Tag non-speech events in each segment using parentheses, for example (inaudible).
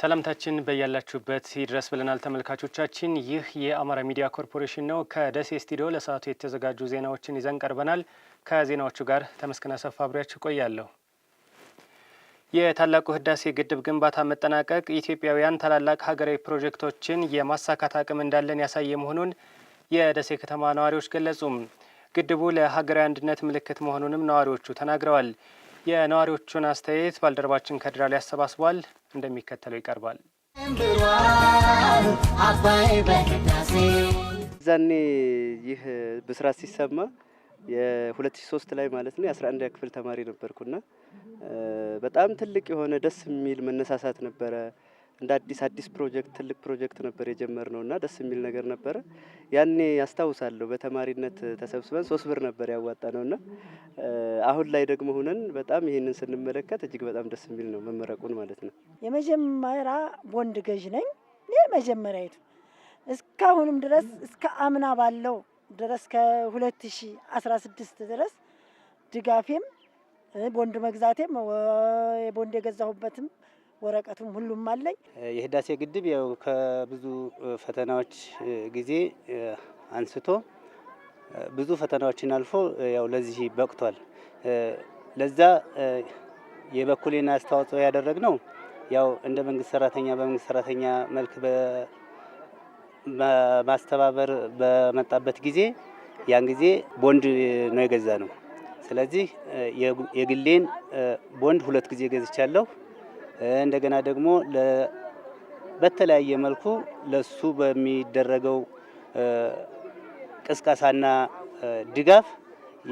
ሰላምታችን በያላችሁበት ይድረስ ብለናል ተመልካቾቻችን። ይህ የአማራ ሚዲያ ኮርፖሬሽን ነው። ከደሴ ስቱዲዮ ለሰዓቱ የተዘጋጁ ዜናዎችን ይዘን ቀርበናል። ከዜናዎቹ ጋር ተመስገን አሰፋ አብሬያችሁ ቆያለሁ። የታላቁ ህዳሴ ግድብ ግንባታ መጠናቀቅ ኢትዮጵያውያን ታላላቅ ሀገራዊ ፕሮጀክቶችን የማሳካት አቅም እንዳለን ያሳየ መሆኑን የደሴ ከተማ ነዋሪዎች ገለጹም። ግድቡ ለሀገራዊ አንድነት ምልክት መሆኑንም ነዋሪዎቹ ተናግረዋል። የነዋሪዎቹን አስተያየት ባልደረባችን ከድራ ላይ ያሰባስቧል። እንደሚከተለው ይቀርባል። ዛኔ ይህ ብስራት ሲሰማ የ2003 ላይ ማለት ነው የ11 ክፍል ተማሪ ነበርኩና በጣም ትልቅ የሆነ ደስ የሚል መነሳሳት ነበረ። እንደ አዲስ አዲስ ፕሮጀክት ትልቅ ፕሮጀክት ነበር ነው እና ደስ የሚል ነገር ነበረ። ያኔ ያስታውሳለሁ በተማሪነት ተሰብስበን ሶስት ብር ነበር ያዋጣ ነው እና አሁን ላይ ደግሞ ሁነን በጣም ይህንን ስንመለከት እጅግ በጣም ደስ የሚል ነው መመረቁን ማለት ነው። የመጀመሪያ ቦንድ ገዥ ነኝ እኔ መጀመሪያ ይቱ እስካሁንም ድረስ እስከ አምና ባለው ድረስ ከ2016 ድረስ ድጋፌም ቦንድ መግዛቴም የቦንድ የገዛሁበትም ወረቀቱም ሁሉም አለኝ። የህዳሴ ግድብ ያው ከብዙ ፈተናዎች ጊዜ አንስቶ ብዙ ፈተናዎችን አልፎ ያው ለዚህ በቅቷል። ለዛ የበኩሌን አስተዋጽኦ ያደረግ ነው ያው እንደ መንግስት ሰራተኛ በመንግስት ሰራተኛ መልክ በማስተባበር በመጣበት ጊዜ ያን ጊዜ ቦንድ ነው የገዛ ነው። ስለዚህ የግሌን ቦንድ ሁለት ጊዜ ገዝቻለሁ። እንደገና ደግሞ በተለያየ መልኩ ለሱ በሚደረገው ቅስቀሳና ድጋፍ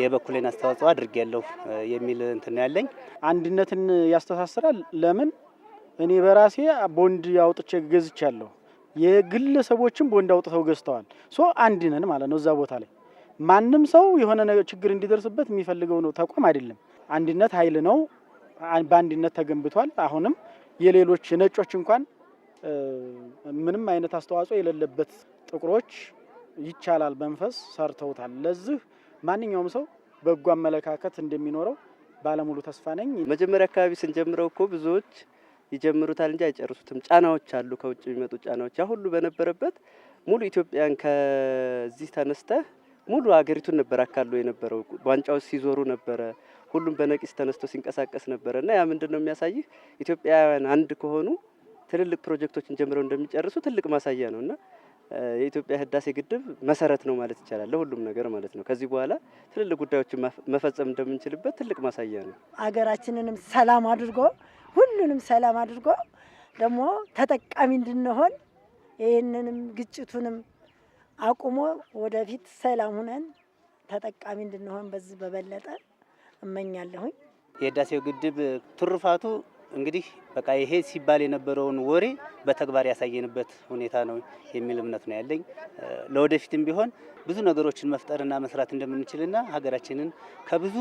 የበኩሌን አስተዋጽኦ አድርጌያለሁ የሚል እንትን ያለኝ። አንድነትን ያስተሳስራል። ለምን እኔ በራሴ ቦንድ አውጥቼ ገዝቻለሁ። የግለሰቦችም ቦንድ አውጥተው ገዝተዋል። ሶ አንድ ነን ማለት ነው። እዛ ቦታ ላይ ማንም ሰው የሆነ ችግር እንዲደርስበት የሚፈልገው ነው ተቋም አይደለም። አንድነት ኃይል ነው። በአንድነት ተገንብቷል። አሁንም የሌሎች የነጮች እንኳን ምንም አይነት አስተዋጽኦ የሌለበት ጥቁሮች ይቻላል መንፈስ ሰርተውታል። ለዚህ ማንኛውም ሰው በጎ አመለካከት እንደሚኖረው ባለሙሉ ተስፋ ነኝ። መጀመሪያ አካባቢ ስንጀምረው እኮ ብዙዎች ይጀምሩታል እንጂ አይጨርሱትም። ጫናዎች አሉ፣ ከውጭ የሚመጡ ጫናዎች። ያ ሁሉ በነበረበት ሙሉ ኢትዮጵያን ከዚህ ተነስተህ ሙሉ ሀገሪቱን ነበር አካሎ የነበረው። ዋንጫዎች ሲዞሩ ነበረ፣ ሁሉም በነቂስ ተነስቶ ሲንቀሳቀስ ነበረ እና ያ ምንድን ነው የሚያሳይህ ኢትዮጵያውያን አንድ ከሆኑ ትልልቅ ፕሮጀክቶችን ጀምረው እንደሚጨርሱ ትልቅ ማሳያ ነው እና የኢትዮጵያ ህዳሴ ግድብ መሰረት ነው ማለት ይቻላል ለሁሉም ነገር ማለት ነው። ከዚህ በኋላ ትልልቅ ጉዳዮችን መፈጸም እንደምንችልበት ትልቅ ማሳያ ነው። አገራችንንም ሰላም አድርጎ ሁሉንም ሰላም አድርጎ ደግሞ ተጠቃሚ እንድንሆን ይህንንም ግጭቱንም አቁሞ ወደፊት ሰላም ሁነን ተጠቃሚ እንድንሆን በዚህ በበለጠ እመኛለሁኝ። የህዳሴው ግድብ ትሩፋቱ እንግዲህ በቃ ይሄ ሲባል የነበረውን ወሬ በተግባር ያሳየንበት ሁኔታ ነው የሚል እምነት ነው ያለኝ። ለወደፊትም ቢሆን ብዙ ነገሮችን መፍጠርና መስራት እንደምንችልና ሀገራችንን ከብዙ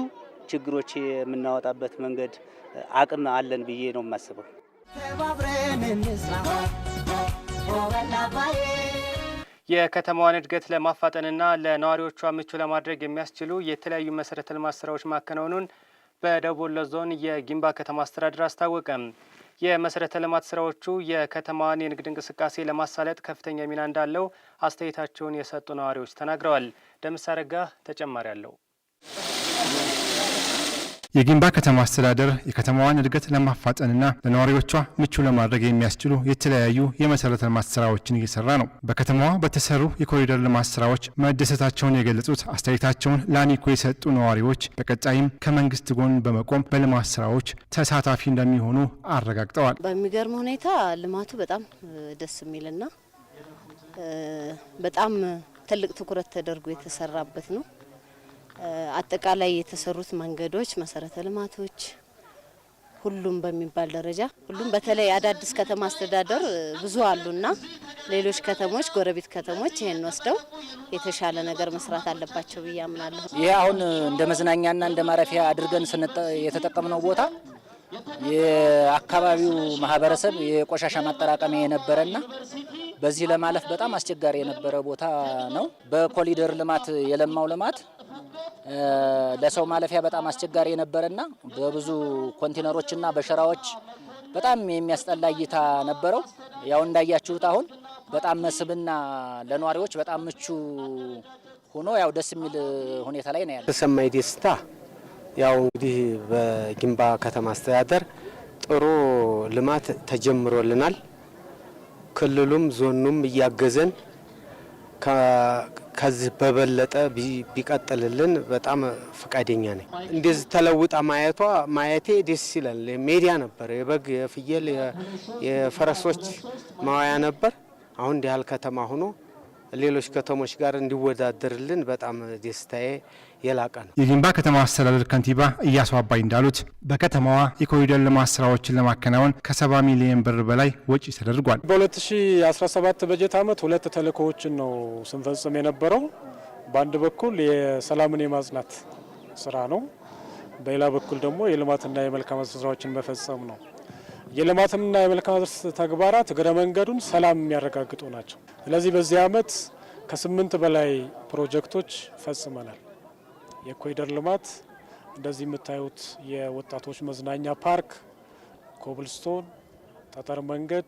ችግሮች የምናወጣበት መንገድ አቅም አለን ብዬ ነው የማስበው። ተባብረን እንስራ የከተማዋን እድገት ለማፋጠንና ለነዋሪዎቿ ምቹ ለማድረግ የሚያስችሉ የተለያዩ መሰረተ ልማት ስራዎች ማከናወኑን በደቡብ ወሎ ዞን የጊንባ ከተማ አስተዳደር አስታወቀም። የመሰረተ ልማት ስራዎቹ የከተማዋን የንግድ እንቅስቃሴ ለማሳለጥ ከፍተኛ ሚና እንዳለው አስተያየታቸውን የሰጡ ነዋሪዎች ተናግረዋል። ደምሳረጋ ተጨማሪ አለው። የጊንባ ከተማ አስተዳደር የከተማዋን እድገት ለማፋጠንና ለነዋሪዎቿ ምቹ ለማድረግ የሚያስችሉ የተለያዩ የመሰረተ ልማት ስራዎችን እየሰራ ነው። በከተማዋ በተሰሩ የኮሪደር ልማት ስራዎች መደሰታቸውን የገለጹት አስተያየታቸውን ለአኒኮ የሰጡ ነዋሪዎች በቀጣይም ከመንግስት ጎን በመቆም በልማት ስራዎች ተሳታፊ እንደሚሆኑ አረጋግጠዋል። በሚገርም ሁኔታ ልማቱ በጣም ደስ የሚልና በጣም ትልቅ ትኩረት ተደርጎ የተሰራበት ነው። አጠቃላይ የተሰሩት መንገዶች፣ መሰረተ ልማቶች ሁሉም በሚባል ደረጃ ሁሉም በተለይ አዳዲስ ከተማ አስተዳደር ብዙ አሉና ሌሎች ከተሞች ጎረቤት ከተሞች ይህን ወስደው የተሻለ ነገር መስራት አለባቸው ብዬ አምናለሁ። ይሄ አሁን እንደ መዝናኛና እንደ ማረፊያ አድርገን የተጠቀምነው ቦታ የአካባቢው ማህበረሰብ የቆሻሻ ማጠራቀሚያ የነበረና በዚህ ለማለፍ በጣም አስቸጋሪ የነበረ ቦታ ነው። በኮሊደር ልማት የለማው ልማት ለሰው ማለፊያ በጣም አስቸጋሪ የነበረና በብዙ ኮንቴነሮችና በሸራዎች በጣም የሚያስጠላ እይታ ነበረው። ያው እንዳያችሁት አሁን በጣም መስህብና ለነዋሪዎች በጣም ምቹ ሆኖ ያው ደስ የሚል ሁኔታ ላይ ነው ያለ ተሰማኝ ደስታ ያው እንግዲህ በጊምባ ከተማ አስተዳደር ጥሩ ልማት ተጀምሮልናል። ክልሉም ዞኑም እያገዘን ከዚህ በበለጠ ቢቀጥልልን በጣም ፈቃደኛ ነኝ። እንደዚህ ተለውጣ ማየቷ ማየቴ ደስ ይላል። ሜዲያ ነበር፣ የበግ የፍየል፣ የፈረሶች ማዋያ ነበር። አሁን እንዲህ ያህል ከተማ ሆኖ ሌሎች ከተሞች ጋር እንዲወዳደርልን በጣም ደስታዬ የላቀ ነው። የግንባ ከተማ አስተዳደር ከንቲባ እያሱ አባይ እንዳሉት በከተማዋ የኮሪደር ልማት ስራዎችን ለማከናወን ከሰባ ሚሊዮን ብር በላይ ወጪ ተደርጓል። በ2017 በጀት ዓመት ሁለት ተልእኮዎችን ነው ስንፈጽም የነበረው። በአንድ በኩል የሰላምን የማጽናት ስራ ነው። በሌላ በኩል ደግሞ የልማትና የመልካም ስራዎችን መፈጸም ነው። የልማትና የመልካም ተግባራት እግረ መንገዱን ሰላም የሚያረጋግጡ ናቸው። ስለዚህ በዚህ ዓመት ከስምንት በላይ ፕሮጀክቶች ፈጽመናል። የኮሪደር ልማት እንደዚህ የምታዩት የወጣቶች መዝናኛ ፓርክ፣ ኮብልስቶን፣ ጠጠር መንገድ፣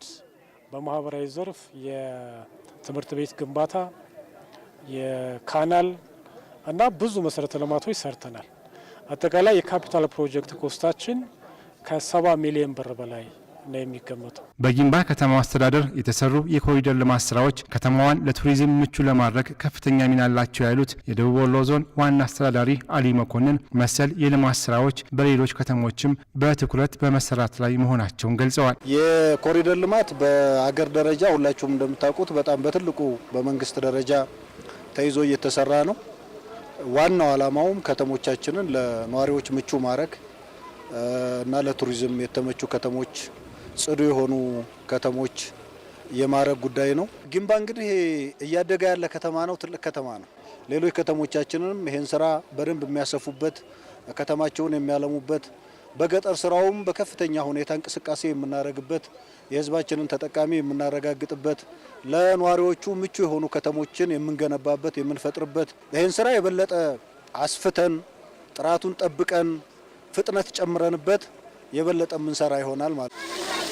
በማህበራዊ ዘርፍ የትምህርት ቤት ግንባታ፣ የካናል እና ብዙ መሰረተ ልማቶች ሰርተናል። አጠቃላይ የካፒታል ፕሮጀክት ኮስታችን ከሰባ ሚሊዮን ብር በላይ ነው የሚገመተው። በጊንባ ከተማ አስተዳደር የተሰሩ የኮሪደር ልማት ስራዎች ከተማዋን ለቱሪዝም ምቹ ለማድረግ ከፍተኛ ሚና አላቸው ያሉት የደቡብ ወሎ ዞን ዋና አስተዳዳሪ አሊ መኮንን መሰል የልማት ስራዎች በሌሎች ከተሞችም በትኩረት በመሰራት ላይ መሆናቸውን ገልጸዋል። የኮሪደር ልማት በአገር ደረጃ ሁላችሁም እንደምታውቁት በጣም በትልቁ በመንግስት ደረጃ ተይዞ እየተሰራ ነው። ዋናው ዓላማውም ከተሞቻችንን ለነዋሪዎች ምቹ ማድረግ እና ለቱሪዝም የተመቹ ከተሞች ጽዱ የሆኑ ከተሞች የማድረግ ጉዳይ ነው። ግንባ እንግዲህ እያደገ ያለ ከተማ ነው። ትልቅ ከተማ ነው። ሌሎች ከተሞቻችንም ይህን ስራ በደንብ የሚያሰፉበት ከተማቸውን የሚያለሙበት በገጠር ስራውም በከፍተኛ ሁኔታ እንቅስቃሴ የምናደርግበት የህዝባችንን ተጠቃሚ የምናረጋግጥበት ለነዋሪዎቹ ምቹ የሆኑ ከተሞችን የምንገነባበት የምንፈጥርበት ይህን ስራ የበለጠ አስፍተን ጥራቱን ጠብቀን ፍጥነት ጨምረንበት የበለጠ የምንሰራ ይሆናል ማለት ነው።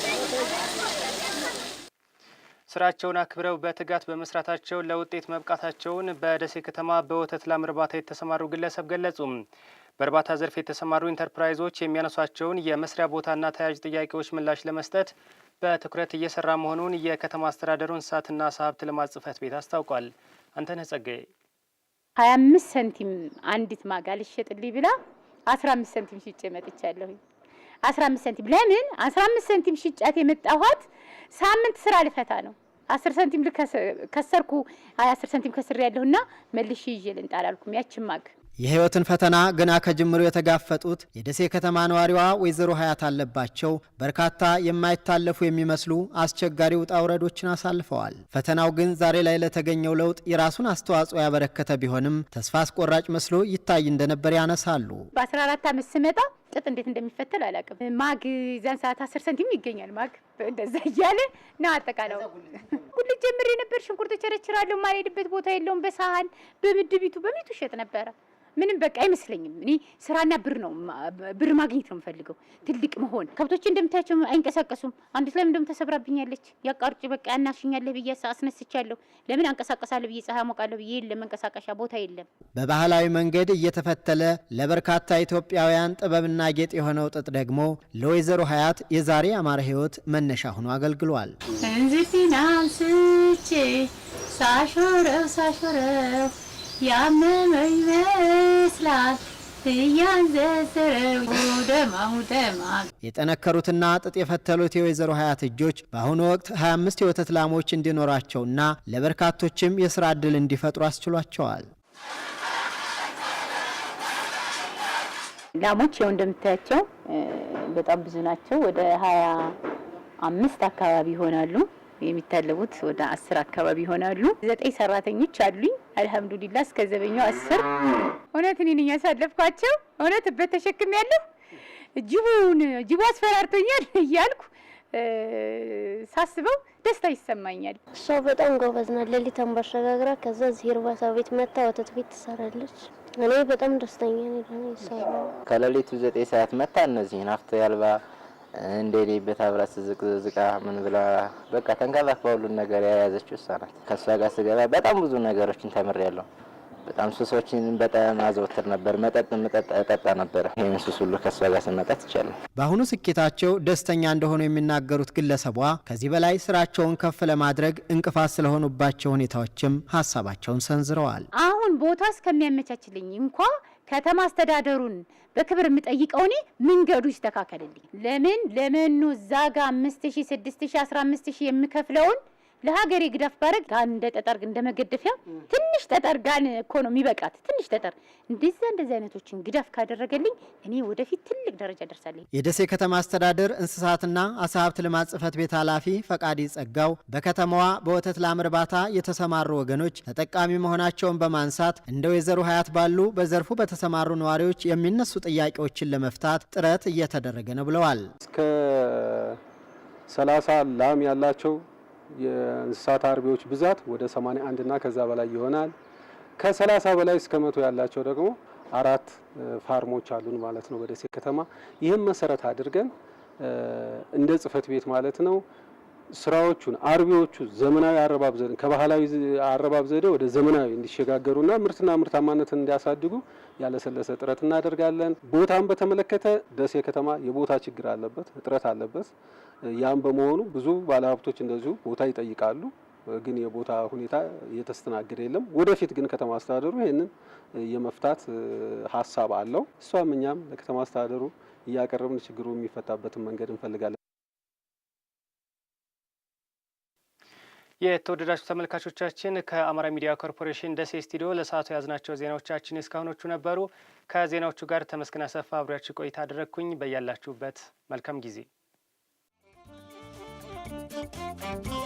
ስራቸውን አክብረው በትጋት በመስራታቸው ለውጤት መብቃታቸውን በደሴ ከተማ በወተት ላም እርባታ የተሰማሩ ግለሰብ ገለጹ። በእርባታ ዘርፍ የተሰማሩ ኢንተርፕራይዞች የሚያነሷቸውን የመስሪያ ቦታና ተያያዥ ጥያቄዎች ምላሽ ለመስጠት በትኩረት እየሰራ መሆኑን የከተማ አስተዳደሩ እንስሳትና ዓሳ ሀብት ልማት ቤት አስታውቋል። አንተነህ ጸጋዬ ሀያ አምስት ሰንቲም አንዲት ማጋ ልሸጥልኝ ብላ አስራ አምስት ሳንቲም ሽጬ መጥቻለሁኝ። አስራ አምስት ሰንቲም ለምን አስራ አምስት ሰንቲም ሽጫት የመጣኋት ሳምንት ስራ ልፈታ ነው አስር ሰንቲም ከሰርኩ አስር ሰንቲም ከስሬ ያለሁ እና ይዤ ልንጣ አላልኩም። ያችን ማግ የህይወትን ፈተና ገና ከጅምሩ የተጋፈጡት የደሴ ከተማ ነዋሪዋ ወይዘሮ ሀያት አለባቸው በርካታ የማይታለፉ የሚመስሉ አስቸጋሪ ውጣ ውረዶችን አሳልፈዋል። ፈተናው ግን ዛሬ ላይ ለተገኘው ለውጥ የራሱን አስተዋጽኦ ያበረከተ ቢሆንም ተስፋ አስቆራጭ መስሎ ይታይ እንደነበር ያነሳሉ። በ14 ዓመት ስመጣ ጥጥ እንዴት እንደሚፈተል አላውቅም። ማግ ዛን ሰዓት አስር ሰንቲም ይገኛል። ማግ እንደዛ እያለ ና አጠቃላይ ጉልት ጀምሬ ነበር። ሽንኩርት ቸረችራለሁ። ማልሄድበት ቦታ የለውም። በሳህን በምድቢቱ በሚቱ ይሸጥ ነበረ ምንም በቃ አይመስለኝም። እኔ ስራና ብር ነው ብር ማግኘት ነው የምፈልገው፣ ትልቅ መሆን። ከብቶች እንደምታያቸው አይንቀሳቀሱም። አንዲት ለምን እንደውም ተሰብራብኛለች። ያቃርጭ በቃ ያናሽኛለህ ብዬ አስነስቻለሁ። ለምን አንቀሳቀሳለሁ ብዬ ፀሐይ አሞቃለሁ ብዬ የለም መንቀሳቀሻ ቦታ የለም። በባህላዊ መንገድ እየተፈተለ ለበርካታ ኢትዮጵያውያን ጥበብና ጌጥ የሆነው ጥጥ ደግሞ ለወይዘሮ ሀያት የዛሬ አማረ ህይወት መነሻ ሆኖ አገልግሏል። እንዝፊናንስቼ ሳሾረው ሳሾረው ያመመው ይመስላል የጠነከሩትና ጥጥ የፈተሉት የወይዘሮ ሀያት እጆች በአሁኑ ወቅት 25 የወተት ላሞች እንዲኖራቸውና ለበርካቶችም የስራ ዕድል እንዲፈጥሩ አስችሏቸዋል። ላሞች ይኸው እንደምታያቸው በጣም ብዙ ናቸው። ወደ ሀያ አምስት አካባቢ ይሆናሉ። የሚታለቡት ወደ አስር አካባቢ ይሆናሉ። ዘጠኝ ሰራተኞች አሉኝ። አልሐምዱሊላ እስከ ዘበኛው አስር እውነት እኔን እያሳለፍኳቸው እውነት እበት ተሸክም ያለሁ ጅቡን ጅቡ አስፈራርቶኛል (laughs) እያልኩ ሳስበው ደስታ ይሰማኛል። እሷ በጣም ጎበዝ ናት። ሌሊት አንባሸጋግራ ከዛ እዚህ እርባታ ቤት መታ ወተት ቤት ትሰራለች። እኔ በጣም ደስተኛ ነኝ። ከሌሊቱ ዘጠኝ ሰዓት መታ እነዚህን አፍቶ ያልባ እንደ ቤት አብራ ስዝቅዝቃ ምን ብላ በቃ ተንከባክባ ሁሉን ነገር የያዘችው እሷ ናት። ከእሷ ጋር ስገባ በጣም ብዙ ነገሮችን ተምሬያለሁ። በጣም ሱሶችን በጣም አዘወትር ነበር። መጠጥ መጠጥ እጠጣ ነበረ። ይህን ሱስ ሁሉ ከእሷ ጋር ስመጣት ይቻላል። በአሁኑ ስኬታቸው ደስተኛ እንደሆኑ የሚናገሩት ግለሰቧ ከዚህ በላይ ስራቸውን ከፍ ለማድረግ እንቅፋት ስለሆኑባቸው ሁኔታዎችም ሀሳባቸውን ሰንዝረዋል። አሁን ቦታ እስከሚያመቻችልኝ እንኳ ከተማ አስተዳደሩን በክብር የምጠይቀው እኔ መንገዱ ይስተካከልልኝ። ለምን ለመኖ ዛጋ አምስት ሺ ስድስት ሺ አስራ አምስት ሺ የምከፍለውን ለሀገሬ ግዳፍ ባረግ እንደ ጠጠር እንደ መገደፊያ ትንሽ ጠጠር ጋን እኮ ነው የሚበቃት። ትንሽ ጠጠር እንደዛ እንደዚህ አይነቶችን ግዳፍ ካደረገልኝ እኔ ወደፊት ትልቅ ደረጃ ደርሳለኝ። የደሴ ከተማ አስተዳደር እንስሳትና አሳ ሀብት ልማት ጽህፈት ቤት ኃላፊ ፈቃድ ጸጋው በከተማዋ በወተት ላም እርባታ የተሰማሩ ወገኖች ተጠቃሚ መሆናቸውን በማንሳት እንደ ወይዘሮ ሀያት ባሉ በዘርፉ በተሰማሩ ነዋሪዎች የሚነሱ ጥያቄዎችን ለመፍታት ጥረት እየተደረገ ነው ብለዋል። እስከ ሰላሳ ላም ያላቸው የእንስሳት አርቢዎች ብዛት ወደ 81 እና ከዛ በላይ ይሆናል። ከ30 በላይ እስከ መቶ ያላቸው ደግሞ አራት ፋርሞች አሉን ማለት ነው በደሴ ከተማ። ይህም መሰረት አድርገን እንደ ጽህፈት ቤት ማለት ነው ስራዎቹን አርቢዎቹ ዘመናዊ አረባብ ዘዴ ከባህላዊ አረባብ ዘዴ ወደ ዘመናዊ እንዲሸጋገሩና ምርትና ምርታማነትን እንዲያሳድጉ ያለሰለሰ ጥረት እናደርጋለን። ቦታን በተመለከተ ደሴ ከተማ የቦታ ችግር አለበት፣ እጥረት አለበት። ያም በመሆኑ ብዙ ባለሀብቶች እንደዚሁ ቦታ ይጠይቃሉ፣ ግን የቦታ ሁኔታ እየተስተናገደ የለም። ወደፊት ግን ከተማ አስተዳደሩ ይህንን የመፍታት ሀሳብ አለው። እሷም እኛም ለከተማ አስተዳደሩ እያቀረብን ችግሩ የሚፈታበትን መንገድ እንፈልጋለን። የተወደዳችሁ ተመልካቾቻችን ከአማራ ሚዲያ ኮርፖሬሽን ደሴ ስቱዲዮ ለሰዓቱ የያዝናቸው ዜናዎቻችን እስካሁኖቹ ነበሩ። ከዜናዎቹ ጋር ተመስገን አሰፋ አብሪያችሁ ቆይታ አደረግኩኝ። በያላችሁበት መልካም ጊዜ Thank you.